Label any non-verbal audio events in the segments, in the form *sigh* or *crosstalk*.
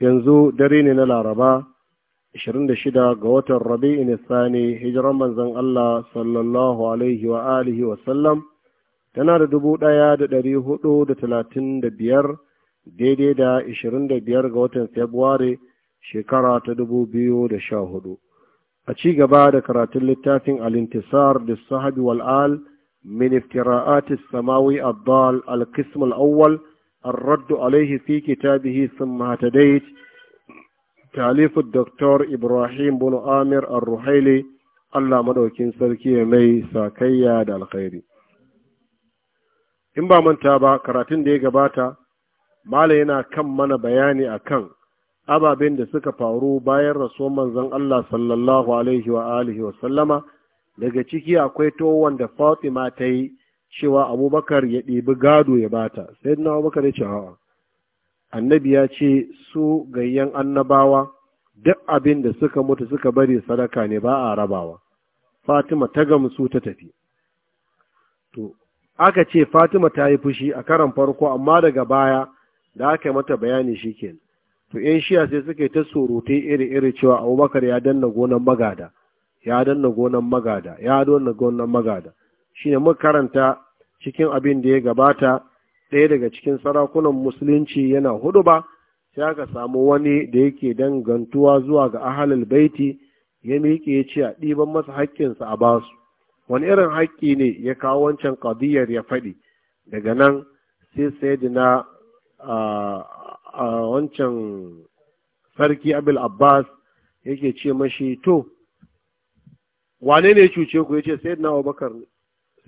yanzu dare ne na laraba 26 ga watan rabi'in tsani hijiran manzan Allah sallallahu alaihi wa alihi wa sallam tana da dubu ɗaya da ɗari hudu da talatin da biyar daidai da ishirin da biyar ga watan februari shekara ta dubu biyu da sha hudu a ci gaba da karatun littafin alintisar da sahabi wal'al min iftira'atis samawi abdal al-kismul الرد عليه في كتابه ثم اهتديت تاليف الدكتور إبراهيم بن Allah الرحيلي Sarki مدوكين سلكي مي ساكيا دا الخير in ba manta ba karatun da ya gabata mala yana kan mana bayani akan ababen da suka faru bayan rasuwar manzon Allah sallallahu alaihi wa alihi wa sallama daga ciki akwai towon da Fatima ta yi cewa abubakar ya ɗebi gado ya bata sai na abubakar ya ce hawa annabi ya ce su gayyan annabawa duk abin da suka mutu suka bari sadaka ne ba a rabawa fatima ta gamsu ta tafi to aka ce fatima ta yi fushi a karan farko amma daga baya da aka yi mata bayani shi kenan to ‘yan shiya sai suka yi ta surutai iri-iri cewa abubakar ya danna gonan magada ya danna gonan magada ya danna gonan magada shine makaranta cikin abin da ya gabata ɗaya daga cikin sarakunan musulunci yana hudu ba sai aka samu wani da yake dangantuwa zuwa ga ahalul baiti ya miƙe ya ce a ɗiban masa haƙƙinsa a basu wani irin haƙƙi ne ya kawo wancan ƙadiyar ya faɗi daga nan sai sayyidina a wancan sarki abil abbas yake ce mashi to wane ne cuce ku ya ce sayyidina abubakar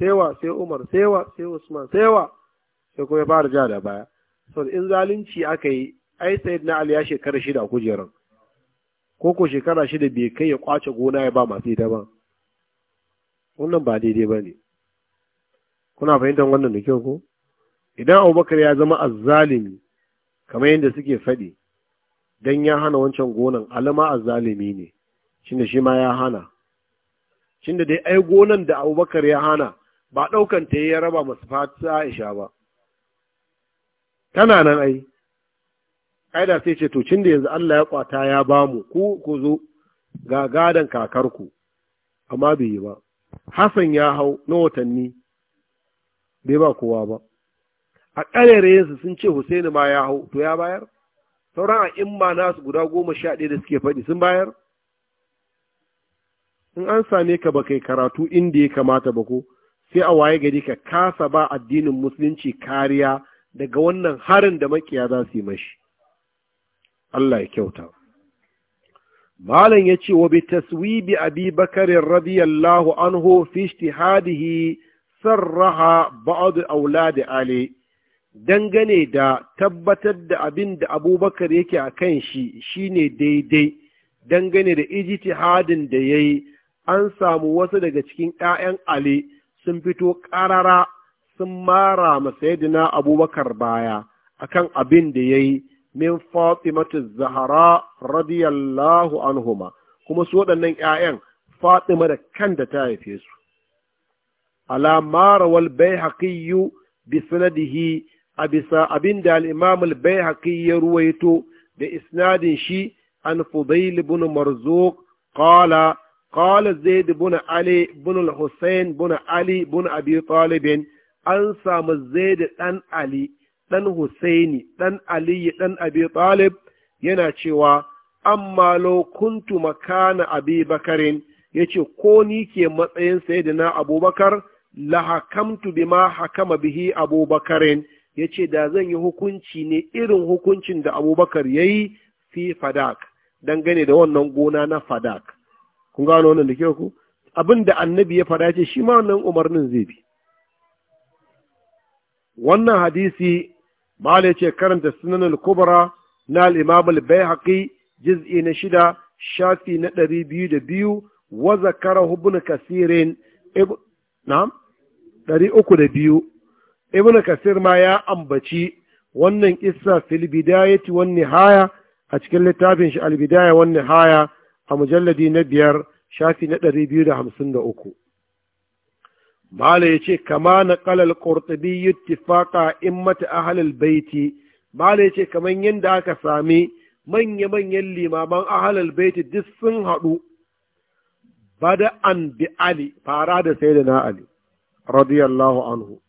Sewa sai Umar sewa sai Usman sewa sai kuma ya fara ja da baya saboda in zalunci aka yi ai Sayyid na Ali ya shekara shida kujeran ko ko shekara shida bai kai ya kwace gona ya ba masu ita ba wannan ba daidai ba ne kuna fahimtar wannan da kyau ko idan abubakar ya zama azzalimi kamar yadda suke faɗi don ya hana wancan gonan alama azzalimi ne shi shi ma ya hana Shin da dai ai gonan da abubakar ya hana ba ɗaukan ta ya raba masu fata Aisha ba tana nan ai ai sai ce to cin da yanzu Allah ya kwata ya ba mu ku ku zo ga gadan kakarku amma bai yi ba Hassan ya hau na watanni bai ba kowa ba a ƙarerayensu sun ce Husaini ma ya hau to ya bayar sauran a imma nasu guda goma sha ɗaya da suke faɗi sun bayar in an same ka ba kai karatu inda ya kamata ba ko sai a waye gari ka kasa ba addinin musulunci kariya daga wannan harin da makiya za su yi mashi Allah ya kyauta malam ya ce wa bi taswibi abi bakarin radiyallahu anhu fi ijtihadihi sarraha ba'd aulad ali dangane da tabbatar da abin da abubakar yake a kan shi shine daidai dangane da ijtihadin da yayi an samu wasu daga cikin 'ya'yan ali sun fito ƙarara sun mara ma saidina abubakar baya akan abin da ya yi min fatimatu zahara radiyallahu anhuma kuma su waɗannan ‘ya'yan fatima da kanta ta haife su Alamarawal wal bai bi sanadihi a bisa abin da al'imamul bai ya ruwaito da isnadin shi an fudail ibn marzuq qala قال زيد بن علي بن الحسين بن علي بن أبي طالب أنسى زيد أن علي ɗan Husaini, ɗan Aliyu, ɗan Abi Talib, yana cewa, amma lau kuntu makana Abi Bakarin, ya ce, ko ni ke matsayin Sayyidina Abubakar, la hakamtu bima hakama bihi Abubakarin, ya ce, da zan yi hukunci ne irin hukuncin da Abubakar ya yi fi fadak, dangane da wannan gona na fadak. kun gano wannan da kyau ku abin da annabi ya faɗa ce shi ma wannan umarnin zai bi wannan hadisi mala ce karanta sunan al-kubra na al-imam al bayhaqi juz'i na shida shafi na ɗari biyu da biyu wa zakara ibn kasirin na'am ɗari uku da biyu ibn kasir ma ya ambaci wannan kissa fil bidayati wan nihaya a cikin littafin shi al bidaya wan nihaya a mujalladi na biyar shafi na ɗari biyu da hamsin da uku mala ya ce kama na kalal ƙortabi yuttifaka in mata ahalal baiti mala ya ce kamar yadda aka sami manya-manyan limaman ahalal baiti duk sun haɗu bada an bi ali fara da sai da na ali radiyallahu anhu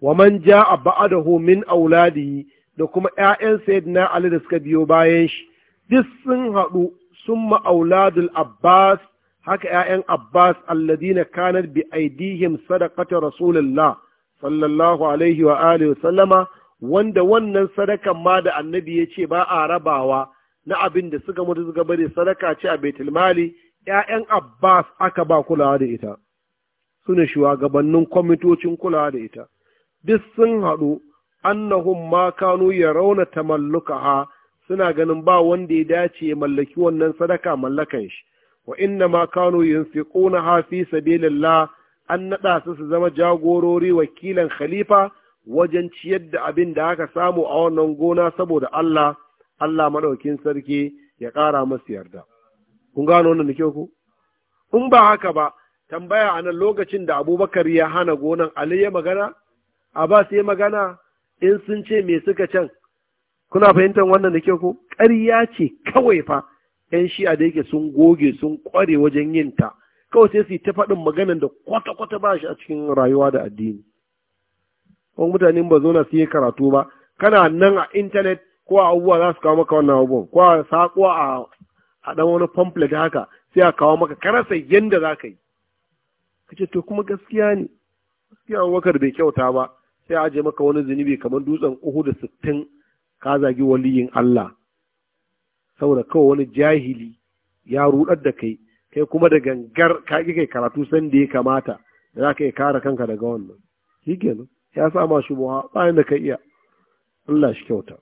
wa man ja a ba'adahu min auladi da kuma ‘ya'yan na Ali da suka biyo bayan shi, duk sun haɗu Tun ma auladul abbas haka ‘ya'yan Abbas alladina kanar bi aidihim sadaqata Rasulullah sallallahu alaihi wa alihi wanda wannan sadakan ma da annabi ya ce ba a rabawa na abin da suka mutu suka bari sadaka ce a Baitul Mali ‘ya'yan Abbas aka ba kulawa da ita suna shugabannin kwamitocin kula da ita duk sun haɗu Annahun ma kanu ya rauna tamalluka ha suna ganin ba wanda ya dace ya mallaki wannan sadaka mallakan shi wa inna ma kanu yunfiquna ha fi sabilillah an nada su su zama jagorori wakilan khalifa wajen ciyar da abin da aka samu a wannan gona saboda Allah Allah madaukin sarki ya ƙara masu yarda kun gano wannan nake ku in ba haka ba tambaya anan lokacin da abubakar ya hana gonan ali ya magana abbas ya magana in sun ce me suka can kuna fahimtar wannan da kyau ko ƙarya ce kawai fa yan shi'a da yake sun goge sun ƙware wajen yin ta kawai sai su yi ta faɗin maganan da kwata-kwata ba shi a cikin rayuwa da addini Ko mutane ba zo na su yi karatu ba kana nan a intanet ko a abubuwa za su kawo maka wannan abubuwan ko a saƙo a ɗan wani pamphlet haka sai a kawo maka karasa yadda za ka yi kace to kuma gaskiya ne gaskiya wakar bai kyauta ba sai a aje maka wani zunubi kamar dutsen uhu da sittin ka zagi waliyin Allah saboda kawai wani jahili ya rudar da kai kai kuma da gangar ka kai karatu san da ya kamata da za ka iya kare kanka daga wannan shi nan ya ma shi buha bayan da ka iya Allah shi kyauta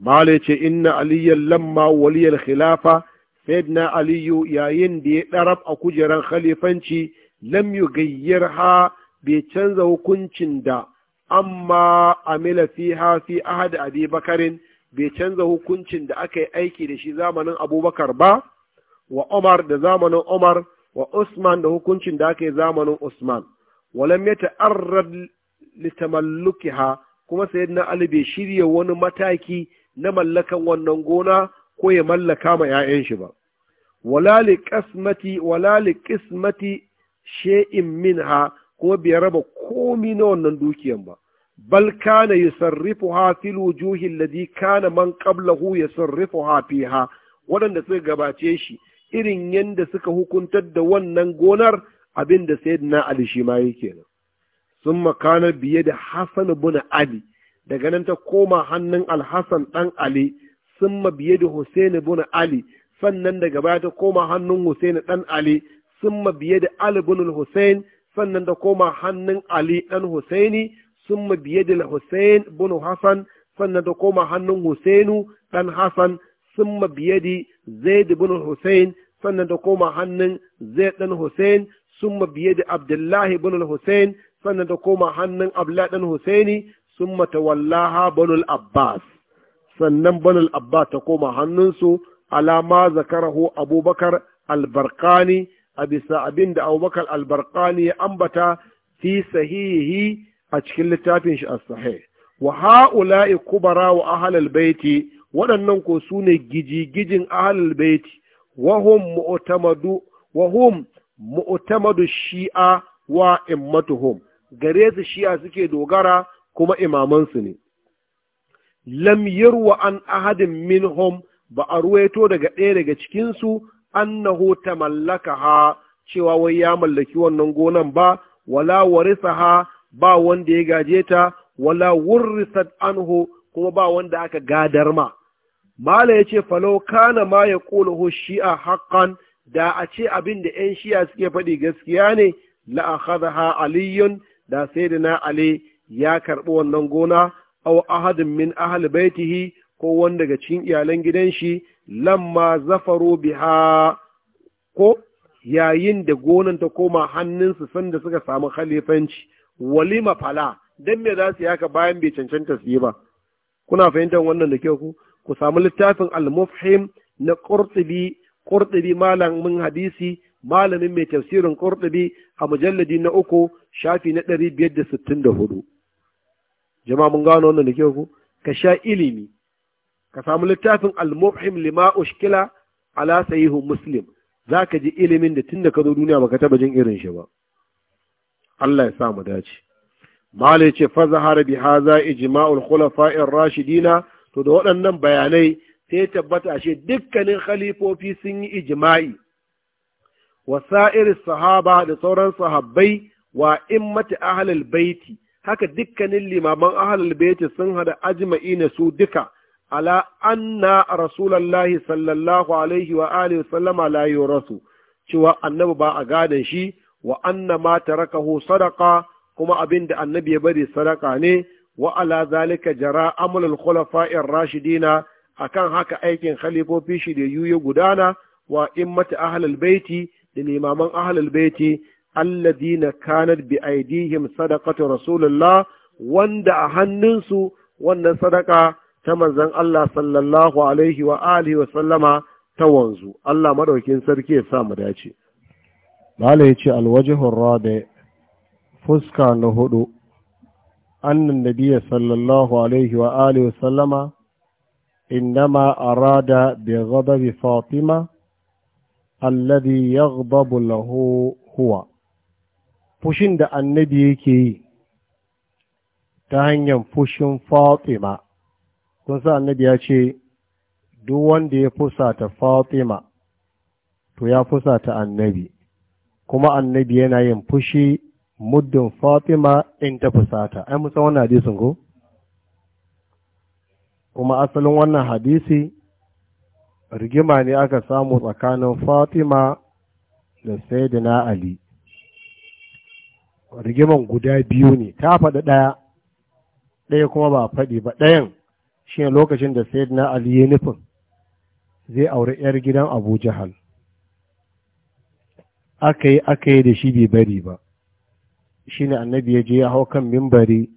Malai ce inna aliyan lamma waliyar khilafa sayyidina aliyu yayin da ya ɗarab a kujeran khalifanci lam yugayyir ha bai canza hukuncin da amma amila fiha fi ahad abi bakarin bai canza hukuncin da aka yi aiki da shi zamanin abubakar ba wa umar da zamanin umar wa usman da hukuncin da aka yi zamanin usman walam ya ta'arrad litamallukiha kuma sayyidina ali bai shirya wani mataki na mallakan wannan gona ko ya mallaka ma 'ya'yan shi ba wala li qasmati wala li shay'in minha kuma bai raba komi na wannan dukiyan ba bal kana ha fil wujuhi alladhi kana man qablahu ha fiha waɗanda suka gabace shi irin yanda suka hukuntar da wannan gonar abinda sayyidina Ali shi ma yake nan summa kana biye da hasan ibn Ali daga nan ta koma hannun alhasan dan Ali summa biye da husain ibn Ali sannan daga baya ta koma hannun husain dan Ali summa biye da Ali al-husain sannan da koma hannun Ali ɗan Husaini sun biyadil Hussein bin Hassan sannan da koma hannun Husainu ɗan Hassan sun biyadi Zaid bin Hussein sannan da koma hannun Zaid ɗan Hussein sun da Abdullahi bin Hussein sannan da koma hannun Abdullahi ɗan Husaini sun matawallaha banul Abbas sannan banul Abbas ta koma hannunsu alama zakarahu Abubakar al albarkani a bisa abin da abubakar albarkani ya ambata fi sahihi a cikin littafin shi a sahi. wa ha'ula kubara wa ahlal baiti waɗannan ko su ne gijigijin ahlal baiti wa mu'tamadu wa mu'tamadu shi'a wa immatuhum gare su shi'a suke dogara kuma imamansu ne lam yarwa an ahadin minhum ba a ruwaito daga ɗaya daga cikinsu annahu tamallakaha cewa wai ya mallaki wannan gonan ba wala warisaha ba wanda ya gaje ta wala wurrisat anhu kuma ba wanda aka gadar ma mala yace falau kana ma yaquluhu shi'a haqqan da a ce abin da ƴan shi'a suke faɗi gaskiya ne la akhadha aliyun da sayyidina ali ya karɓi wannan gona aw ahadin min ahli baitihi ko wanda daga cikin iyalan gidan shi lamma zafaru biha ko yayin da gonan ta koma hannunsu sanda suka samu khalifanci walima fala dan me za su yi haka bayan bai cancanta su yi ba kuna fahimtar wannan da kyau ku ku samu littafin al-mufhim na qurtubi qurtubi malamin hadisi malamin mai tafsirin qurtubi a mujalladi na uku shafi na 564 jama'a mun gano wannan da kyau ku ka sha ilimi ka samu littafin al-mubhim lima ushkila ala sahihu muslim zaka ji ilimin da tunda ka zo duniya baka taba jin irin shi ba Allah ya sa mu dace malai ce fa zahara bi hadha ijma'ul khulafa'i ar-rashidina to da waɗannan bayanai sai tabbata ashe dukkanin khalifofi sun yi ijma'i wasa'ir sahaba da sauran sahabbai wa immati ahlul baiti haka dukkanin limaman ahlul baiti sun hada ajma'i na su duka ala anna rasulallahi sallallahu alaihi wa alihi sallama cewa annabi ba a gadan shi wa anna ma tarakahu sadaka. kuma abin da annabi ya bari sadaka ne wa ala zalika jara amul khulafa'ir rashidina akan haka aikin khalifofi shi da yuyu gudana wa immati ahlul baiti da limaman ahlul baiti alladina kanat bi aidihim sadaqatu rasulullah wanda a hannunsu wannan sadaka ta manzon Allah sallallahu alaihi wa alihi wa sallama ta wanzu Allah madaukin sarki ya sa mu dace Malai ya ce alwajihun rabe fuska na hudu annan da nabiya sallallahu alaihi wa alihi wa sallama إنما أراد بغضب Fatima, الذي ya له هو fushin da annabi yake yi ta hanyar fushin fatima kun sa annabi ya ce duk wanda ya fusata fatima to ya fusata annabi kuma annabi yana yin fushi muddin fatima in ta fusata ai musa wannan hadisin ko kuma asalin wannan hadisi rigima ne aka samu tsakanin fatima da sayyidina ali rigiman guda biyu ne ta faɗi ɗaya ɗaya kuma ba faɗi ba ɗayan shi lokacin da na ali ya nufin zai aure 'yar gidan abu jahal aka yi aka yi da shi bai bari ba shi ne annabi ya je ya hau kan mimbari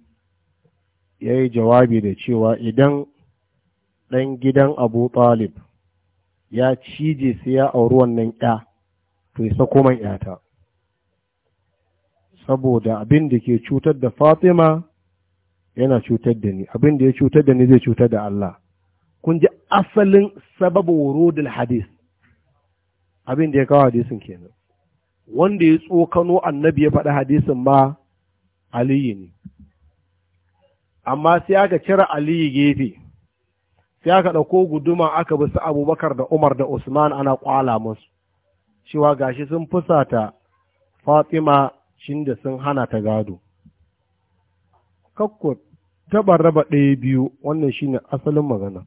ya yi jawabi da cewa idan ɗan gidan abu talib ya cije sai ya auri wannan ya to ya sako man yata saboda abin da ke cutar da fatima yana cutar da ni abin da ya cutar da ni zai cutar da Allah kun ji asalin sababu wurudul hadis abin da ya kawo hadisin kenan wanda ya tsokano annabi ya faɗi hadisin ma aliyu ne amma sai aka cire aliyu gefe sai aka ɗauko guduma aka bi su abubakar da umar da usman ana kwala musu cewa gashi sun fusata fatima shinda da sun hana ta gado kakko Taɓar raba ɗaya biyu wannan shine asalin magana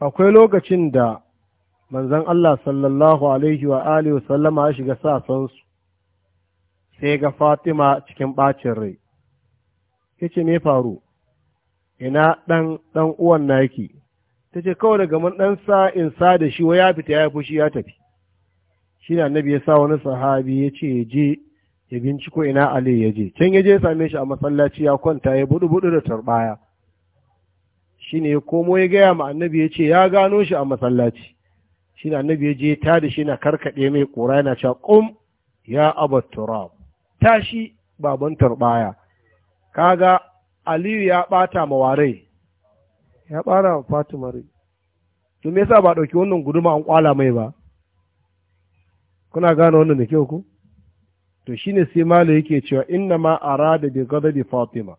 akwai lokacin da manzon Allah sallallahu alaihi wa alihi wa sallama ya shiga sasansu sai ga Fatima cikin ɓacin rai Ya ce me faru ina ɗan ɗan uwan naki ta ce kawai daga mun ɗan sa in sa da shi wa ya fita ya fushi ya tafi shi na annabi ya sa wani sahabi ya ce je ya binciko ina Ali ya je can ya je same shi a masallaci ya kwanta ya budu budu da tarbaya ne ya komo ya gaya ma annabi ya ce ya gano shi a masallaci ne annabi ya je ta da shi na karkaɗe mai ƙura yana cewa ƙum ya abat turab tashi baban tarbaya kaga Aliyu ya ɓata ma warai. ya ɓara wa Fatima rai to me yasa ba ɗauki wannan guduma an kwala mai ba kuna gane wannan da kyau ko to shine sai malo yake cewa inna ma arada bi ghadabi fatima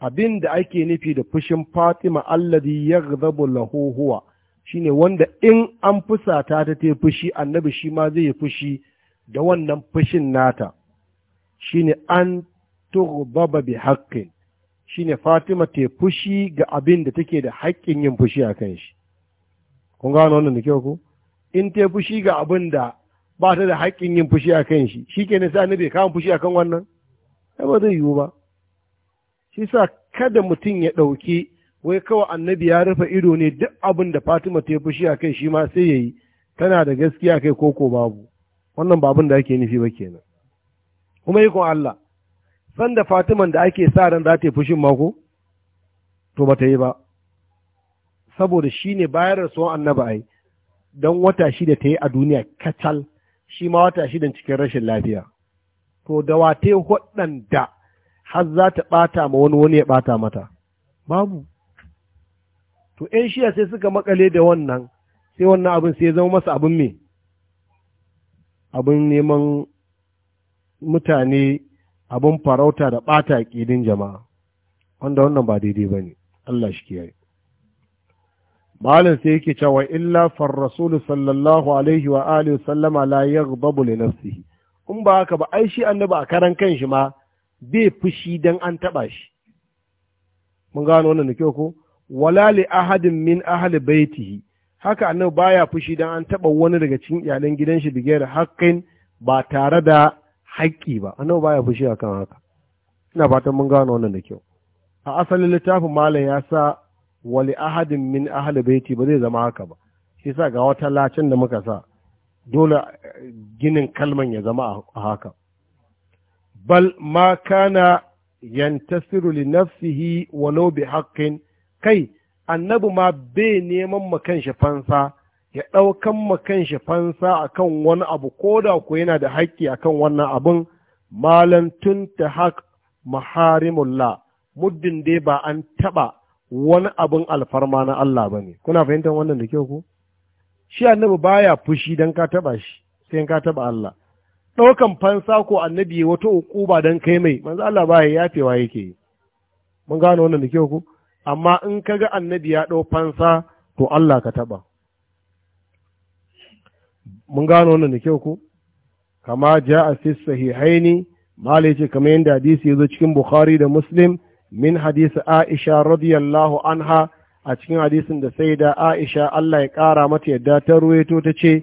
abin da ake nufi da fushin fatima alladhi yaghdabu lahu huwa shine wanda in an fusata ta ta fushi annabi shi ma zai fushi da wannan fushin nata shine an tughdaba bi shine fatima ta fushi ga abin da take da haƙƙin yin fushi a kan shi kun gano wannan da kyau ku? in ta fushi ga abin da ba ta da haƙƙin yin fushi a kan shi shi ke kenan sa bai kama fushi a kan wannan ai ba zai yiwu ba shi sa kada mutum ya ɗauki wai kawai annabi ya rufe ido ne duk abin da fatima ta yi fushi a kai shi ma sai ya yi tana da gaskiya kai koko babu wannan ba da ake nufi ba kenan kuma yi Allah san da fatiman da ake sa ran za ta yi fushin mako to ba ta yi ba saboda shi ne bayar da suwan ai don wata shida ta yi a duniya kacal shi ma wata shidan cikin rashin lafiya to da wate waɗanda har za ta ɓata ma wani wani ya ɓata mata babu to ‘yan shiya sai suka makale da wannan sai wannan abin sai zama masa abin me abin neman mutane abin farauta da ɓata ƙidin jama'a wanda wannan ba daidai ba ne Allah shi kiyaye malin sai yake cewa illa far rasul sallallahu alaihi wa alihi wa sallama la yaghdabu li nafsihi in ba haka ba ai shi annabi a karan kanshi ma bai fushi dan an taba shi mun gano wannan kyau ko wala li ahadin min ahli baitihi haka annabi baya fushi dan an taba wani daga cikin iyalan gidan shi bigera haƙƙin ba tare da haƙƙi ba annabi baya fushi akan haka ina fatan mun gano wannan da kyau a asalin littafin malam ya sa wali ahadin min ahli baiti ba zai zama haka ba shi sa ga wata lacin da muka sa dole eh, ginin kalman ya zama a haka bal ma kana yantasiru li nafsihi walau bi haqqin kai annabi ma bai neman ma kanshi fansa ya ɗaukan ma kanshi fansa akan wani abu ko da ku yana da haƙƙi akan wannan abin malam ta haƙ maharimullah muddin dai ba an taɓa wani abin alfarma na Allah ba ne kuna fahimtar wannan da kyau ku shi annabi baya fushi don ka taba shi sai ka taba Allah ɗaukan fansa ko annabi wata uquba don kai mai manzo Allah baya yafewa yake yi. mun gano wannan da kyau ku amma in ka ga annabi ya ɗau fansa to Allah ka taɓa. Mun gano wannan da kyau ku? Kama ja a sahihaini, Mala ce kamar yadda hadisi ya zo cikin Bukhari da Muslim min hadisi aisha radiyallahu anha a cikin hadisin da sai da aisha Allah ya ƙara mata yadda ta ruwaito ta ce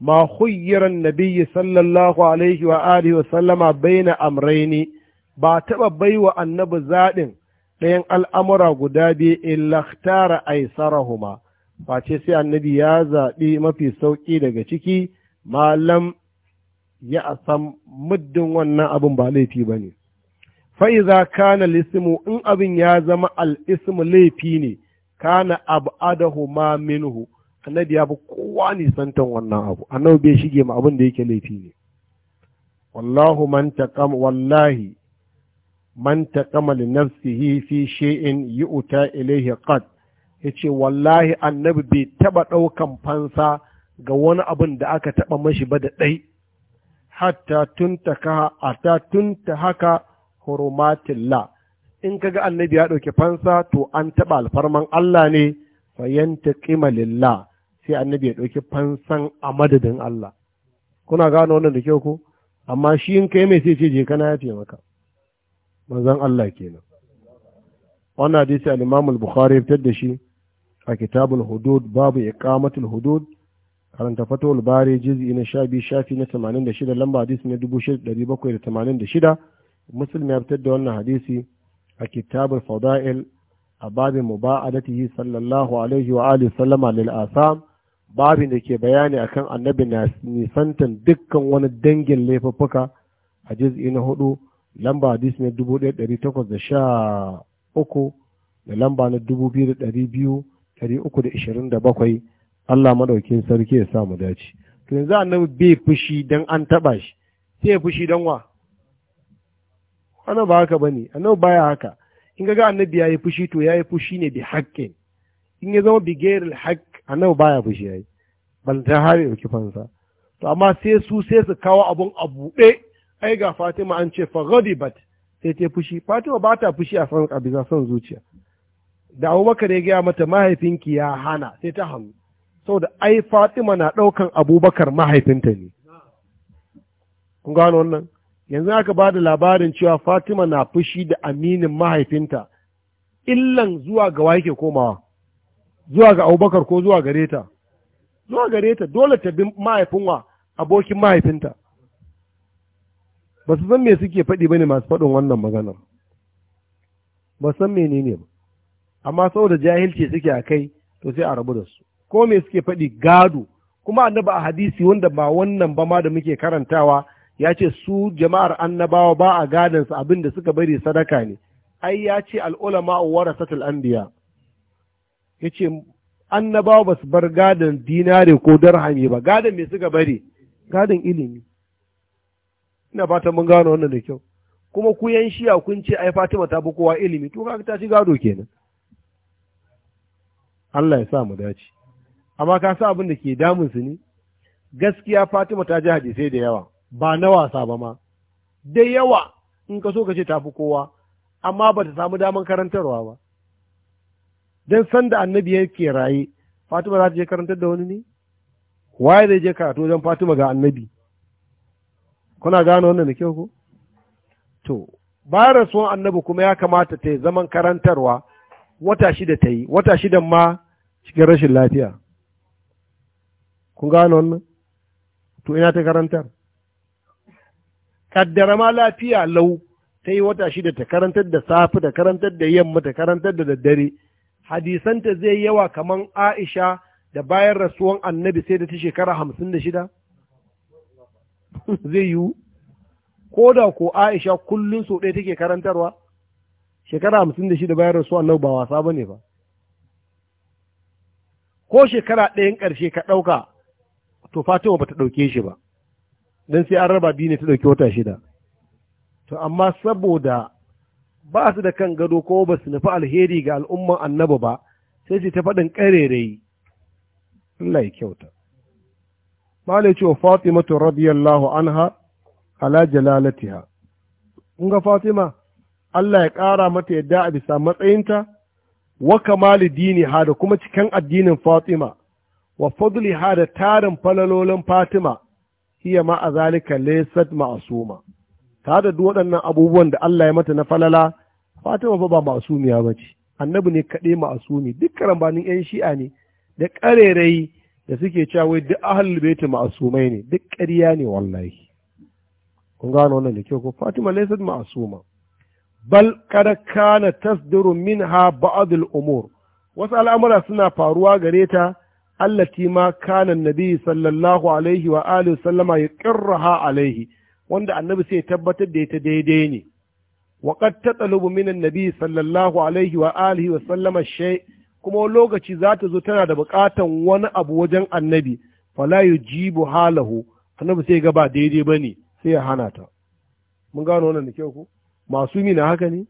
ma khuyyiran nabiyyi sallallahu alaihi wa alihi wa sallama baina amraini ba taba baiwa annabi zaɗin ɗayan al'amura guda biyu illahtara aisarahuma face sai annabi ya zaɓi mafi sauƙi daga ciki malam ya san muddin wannan abin ba laifi ba ne fa'iza kana lisimu in abin ya zama al'ismu laifi ne kana abu adahu ma minhu annabi ya bi kowa nisantan wannan abu annabi bai shige ma abin da yake laifi ne wallahu man taqam wallahi man taqama li nafsihi fi shay'in yu'ta ilayhi qad yace wallahi annabi bai taba ɗaukan fansa ga wani abin da aka taba mashi ba da dai hatta tuntaka ata tunta haka hurumatillah in kaga annabi ya ɗauki fansa to an taɓa alfarman Allah ne fayanta lillah sai annabi ya ɗauki fansan a madadin Allah kuna gano wannan da kyau ko amma shi in kai mai sai ce je kana ya maka manzon Allah kenan wannan hadisi al-Imam al-Bukhari fitar da shi a kitabul hudud babu iqamatul hudud karanta fatawul bari juz'i na 12 shafi na 86 lamba hadisi na 1786 muslim ya fitar da wannan hadisi a kitabul fada'il a babin muba'adatihi sallallahu alaihi wa alihi sallama lil asam babin da ke bayani akan annabi na nisantan dukkan wani dangin laifuffuka a juz'i na hudu lamba hadisi na dubu ɗaya ɗari takwas da sha uku da lamba na dubu biyu da ɗari biyu ɗari uku da ishirin da bakwai Allah madaukin sarki ya samu dace to yanzu annabi bai fushi don an taɓa shi sai ya fushi don wa ana ba haka bane annabi baya haka in ga annabi yayi fushi to yayi fushi ne bi haƙƙin in ya zama bi gairil haqq annabi baya fushi yayi ban ta hare ki fansa to amma sai su sai su kawo abun a bude ai ga Fatima an ce fa ghadibat sai ta fushi Fatima ba ta fushi a san san zuciya da Abubakar ya gaya mata mahaifinki ya hana sai ta hannu saboda ai Fatima na ɗaukan Abubakar mahaifinta ne kun gano wannan yanzu aka ba da labarin cewa fatima na fushi da aminin mahaifinta illan zuwa ga wake komawa zuwa ga abubakar ko zuwa gare ta zuwa gare ta dole ta bi mahaifin wa abokin mahaifinta ba su san me suke faɗi ba ne masu faɗin wannan maganar ba san menene ba amma saboda jahilci suke a kai to sai a rabu da su ko me suke faɗi gado kuma annaba a hadisi wanda ba wannan ba ma da muke karantawa ya ce su jama'ar annabawa ba a gadansu abin da suka bari sadaka ne ai ya ce al'ulama satul anbiya ya ce annabawa ba su bar gadon dinare ko darhami ba gadon mai suka bari gadon ilimi ina fatan mun gano wannan da kyau kuma ku yan shiya kun ce ai Fatima ta fi kowa ilimi to kaga ta ci gado kenan Allah ya sa mu dace amma ka sa abin da ke damun su ne gaskiya Fatima ta ji hadisai da yawa ba na wasa ba ma da yawa in ka so ka ce tafi kowa amma ba ta samu daman karantarwa ba don sanda annabi yake raye fatima za ta je karantar da wani ne waye zai je karatu don fatima ga annabi kuna gane wannan da kyau ko to bayan rasuwan annabi kuma ya kamata ta yi zaman karantarwa wata shida ta yi wata shida ma cikin rashin lafiya kun gane wannan to ina ta karantar kaddara ma lafiya lau ta yi wata shida ta karantar da safi ta karantar da yamma ta karantar da daddare hadisanta zai yawa kaman aisha da bayan rasuwan annabi sai da ta shekara hamsin da shida zai yiwu ko da ko aisha kullum sau ɗaya take karantarwa shekara hamsin da shida bayan rasuwan annabi ba wasa ba ne ba ko shekara ɗayan ƙarshe ka ɗauka to fatima ba ta ɗauke shi ba don sai an raba biyu ne ta ɗauki wata shida to amma saboda ba su da kan gado ko ba su nufi alheri ga al'umman annabi ba sai su ta faɗin ƙarerayi Allah ya kyauta malai ce wa fatima to radiyallahu anha ala jalalatiha kun ga fatima Allah ya ƙara mata yadda a bisa matsayinta wa kamali dini ha da kuma cikin addinin fatima wa fadli ha da tarin falalolin fatima hiya ma a zalika laysat ma'suma ta da duk waɗannan abubuwan da Allah ya mata na falala Fatima fa ba ma'sumiya bace annabi ne kaɗai ma'asumi duk karambanin yan shi'a ne da ƙarerai da suke cewa wai duk ahlul baiti ma'asumai ne duk ƙarya ne wallahi kun gano wannan da kyau ko Fatima laysat ma'asuma bal kada kana tasdiru minha ba'd al-umur wasu al'amura suna faruwa gare ta allati ma kana nabi sallallahu alaihi wa alihi sallama ya qirraha alaihi wanda annabi sai tabbatar da ita daidai ne wa qad tatalubu min annabi sallallahu alaihi wa alihi wa sallama shay kuma lokaci za ta zo tana da buƙatan wani abu wajen annabi fala yujibu halahu annabi sai ga ba daidai bane sai ya hana ta mun gano wannan da kyau ko masu na haka ne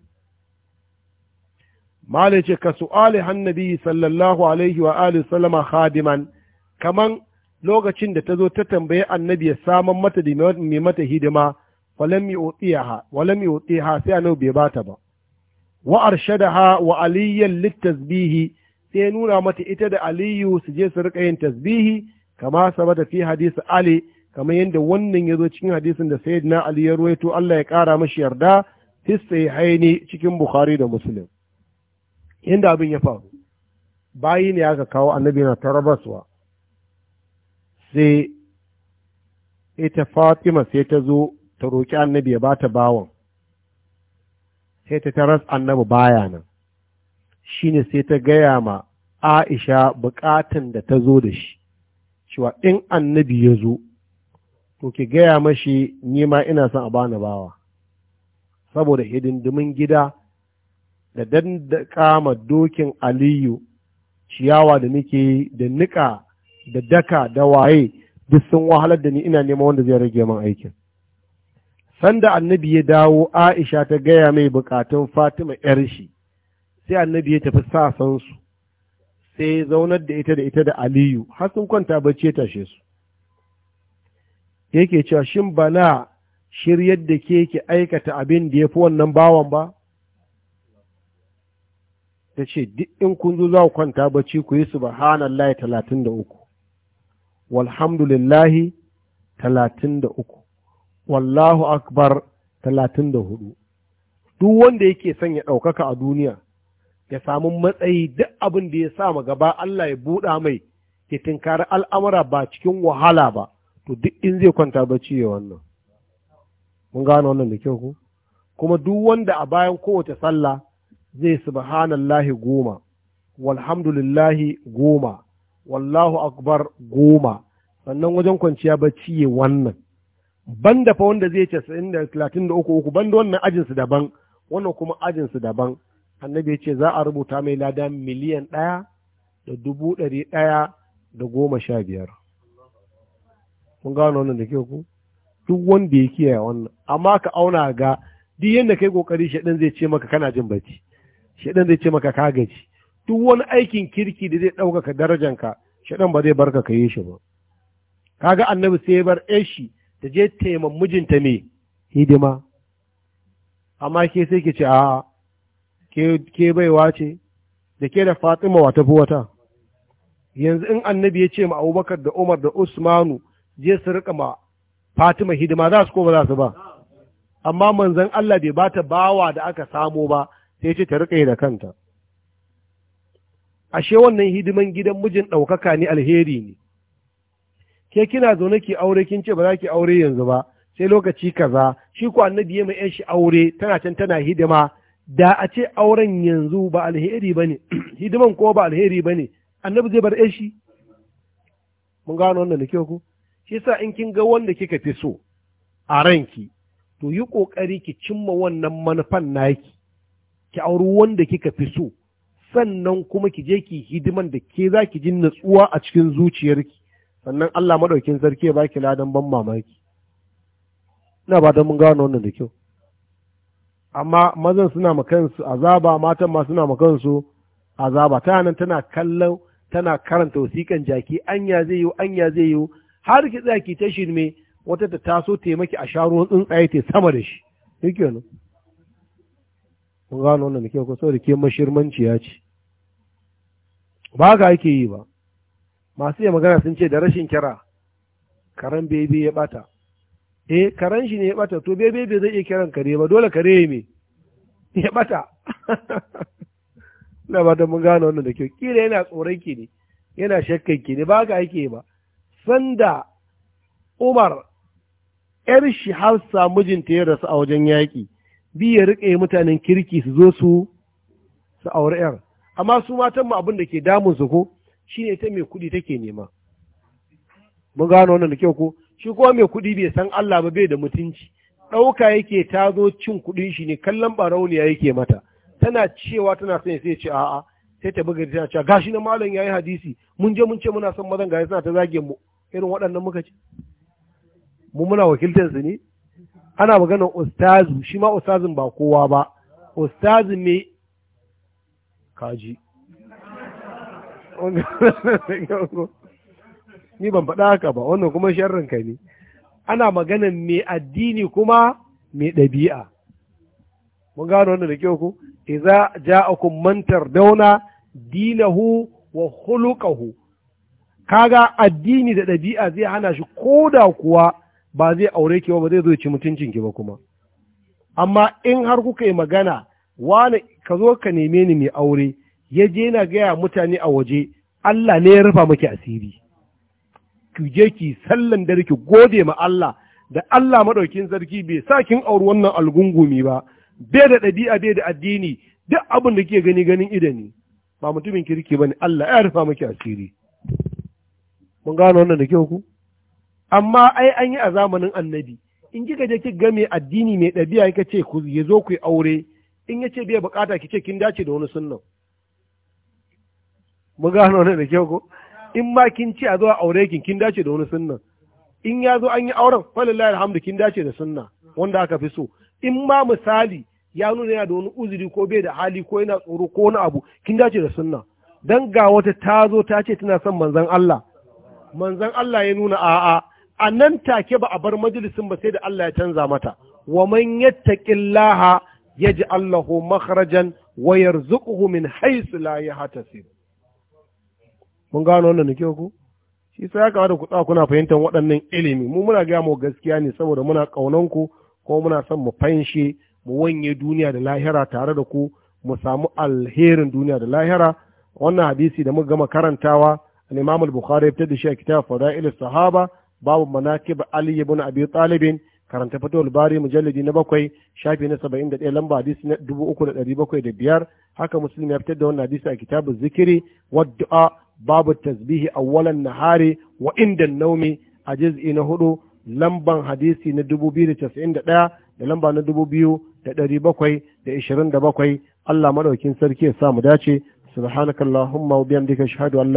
malai ce ka su'ali hannabi sallallahu alaihi wa alihi sallama khadiman kaman lokacin da ta zo ta tambaye annabi ya saman mata da mai mata hidima walam yu'tiha walam yu'tiha sai annabi bai bata ba wa arshadaha wa aliyan litasbihi sai ya nuna mata ita da aliyu su je su rika yin tasbihi kama sabata fi hadisi ali kamar yadda wannan ya zo cikin hadisin da sayyidina ali ya ruwaito Allah ya kara mashi yarda fi sahihaini cikin bukhari da muslim Yanda abin ya faru bayi ne aka kawo annabi na tarabaswa sai ita fatima sai ta zo ta roƙi annabi ya bata bawan sai ta taras annabi baya nan shine sai ta gaya ma aisha buƙatan da ta zo da shi cewa in annabi ya zo to ki gaya mashi ni ma ina son a bani bawa saboda hidindimin gida da dandakama dokin aliyu ciyawa da nake da niƙa da daka da waye duk sun wahalar da ni ina nema wanda zai rage min aikin sanda annabi ya dawo aisha ta gaya mai bukatun fatima yar shi sai annabi ya tafi sasansu su sai zaunar da ita da ita da aliyu har sun kwanta bacci ya tashe su yake cewa shin bana shiryar da ke ke aikata abin da ya fi wannan bawan ba ta ce duk in kun zo za ku kwanta bacci ku yi subhanallahi talatin da uku walhamdulillahi talatin da uku wallahu akbar talatin da hudu duk wanda yake son ya ɗaukaka a duniya ya samu matsayi duk abin da ya sa ma gaba Allah ya buɗa mai ya tinkari al'amura ba cikin wahala ba to duk in zai kwanta bacci ya wannan mun gane wannan da kyau ku kuma duk wanda a bayan kowace sallah zai subhanallahi goma walhamdulillahi goma wallahu akbar goma sannan wajen kwanciya bacci ya wannan banda fa wanda zai ce talatin da uku uku banda wannan ajinsu daban wannan kuma ajinsu daban annabi ya ce za a rubuta mai lada miliyan ɗaya da dubu ɗari ɗaya da goma sha biyar kun gano wannan da ke ku duk wanda ya kiyaye wannan amma ka auna ga duk yadda kai kokari shaɗin zai ce maka kana jin bacci shedan zai ce maka ka gaji duk wani aikin kirki da zai ɗaukaka darajanka shaɗan ba zai barka ka yi shi ba kaga annabi sai bar shi ta je taimam mijinta me hidima amma ke sai ke ce a ke ke baiwa ce da ke da Fatima wata fi wata yanzu in annabi ya ce ma Abubakar da Umar da Usmanu je su rika ma Fatima hidima za su ko ba za su ba amma manzon Allah bai bata bawa da aka samo ba sai ce ta riƙe da kanta ashe wannan hidiman gidan mijin ɗaukaka ne alheri ne ke kina zaune ki aure kin ce ba za ki aure yanzu ba sai lokaci kaza shi ku annabi ya mai shi aure tana can tana hidima da a ce auren yanzu ba alheri ba ne *clears throat* hidiman ko ba alheri ba ne annabi zai bar shi mun gano wannan da kyau ku shi sa in kin ga wanda kika fi so a ranki to yi ƙoƙari ki cimma wannan manufan naki ki auri wanda kika fi so sannan kuma ki je ki hidiman da ke za ki ji natsuwa a cikin zuciyarki sannan Allah maɗaukin sarki ya baki ladan ban mamaki ina ba don mun gano wannan da kyau amma mazan suna ma kansu azaba matan ma suna ma kansu azaba ta nan tana kallon tana karanta wasikan jaki anya zai yi anya zai yi har ki tsaya ki ta shirme wata ta taso taimaki a sharuwan tsuntsaye ta sama da shi yake kun gano wannan da kyau ko saboda ke ya ce ba ga ake yi ba masu yi magana sun ce da rashin kira karen bebe ya bata eh karen shi ne ya bata to bebe bai zai iya kiran kare ba dole kare ya me ya bata na ba mun gano wannan da kyau kila yana tsoron ki ne yana shakkan ki ne ba ka ake ba sanda Umar ‘yar shi Hafsa mijinta ya rasu a wajen yaƙi, bi ya riƙe mutanen kirki su zo su su aure yar amma su matan mu abin da ke damun su ko shine ta mai kuɗi take nema mun gano wannan da kyau ko shi kuma mai kuɗi bai san Allah ba bai da mutunci ɗauka yake ta cin kuɗin shi ne kallon barauniya yake mata tana cewa tana son sai ce a'a sai ta buga tana cewa gashi na malam yayi hadisi mun je mun ce muna son mazan gashi suna ta zage mu irin waɗannan muka ce mu muna wakiltar su ne ana magana ustazu shi ma ustazin ba kowa ba ustazu me kaji *laughs* ni ban faɗa haka ba wannan kuma sharrin ka ne ana magana mai addini kuma mai ɗabi'a mun gano wannan da kyau ku iza ja'akum man tardawna dinahu wa khuluquhu kaga addini da ɗabi'a zai hana shi koda kuwa ba zai aure ki ba ba zai zo ci mutuncin ki ba kuma amma in har kuka yi magana wani ka zo ka neme ni mai aure ya je na gaya mutane a waje Allah ne ya rufa maki asiri ki je ki sallan dare ki gode ma Allah da Allah madaukin sarki bai sa kin auri wannan algungumi ba bai da ɗabi'a bai da addini duk abin da ke gani ganin idani ba mutumin kirki bane Allah ya rufa maki asiri mun gano wannan da kyau ku amma ai an yi a zamanin annabi in kika je ki game addini mai ɗabi'a kika ce ku ya zo ku yi aure in ya ce bai bukata ki ce kin dace da wani sunnan mun gano wannan da kyau ko in ma kin ce a zo a aure kin kin dace da wani sunan. in ya zo an yi auren falillahi alhamdu kin dace da sunna wanda aka fi so in ma misali ya nuna yana da wani uzuri ko bai da hali ko yana tsoro ko wani abu kin dace da sunna dan ga wata ta zo ta ce tana son manzon Allah manzon Allah ya nuna a'a a nan take ba a bar majalisin ba sai da Allah ya canza mata wa man yattaqillaha yaj'al lahu makhrajan wa yarzuquhu min haythu la yahtasib mun gano wannan ke ku shi sai ya da ku kuna fahimtar waɗannan ilimi mu muna gaya mu gaskiya ne saboda muna kaunan ko muna son mu fanshe mu wanye duniya da lahira tare da ku mu samu alherin duniya da lahira wannan hadisi da muka gama karantawa al-Imam al-Bukhari ya fitar da shi a kitab Fada'il sahaba babu manakib ali ibn abi talibin karanta fatawul bari mujalladi na bakwai shafi na saba'in da ɗaya lamba hadisi na dubu uku da ɗari bakwai da biyar haka musulmi ya fitar da wannan hadisi a kitabu zikiri wadda'a babu tasbihi awwalan nahari wa inda naumi a jazi na hudu lamban hadisi na dubu biyu da casa'in da ɗaya da lamba na dubu biyu da bakwai da ishirin da bakwai Allah maɗaukin sarki ya sa mu dace subhanakallahumma wa bihamdika ashhadu an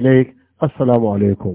la assalamu alaikum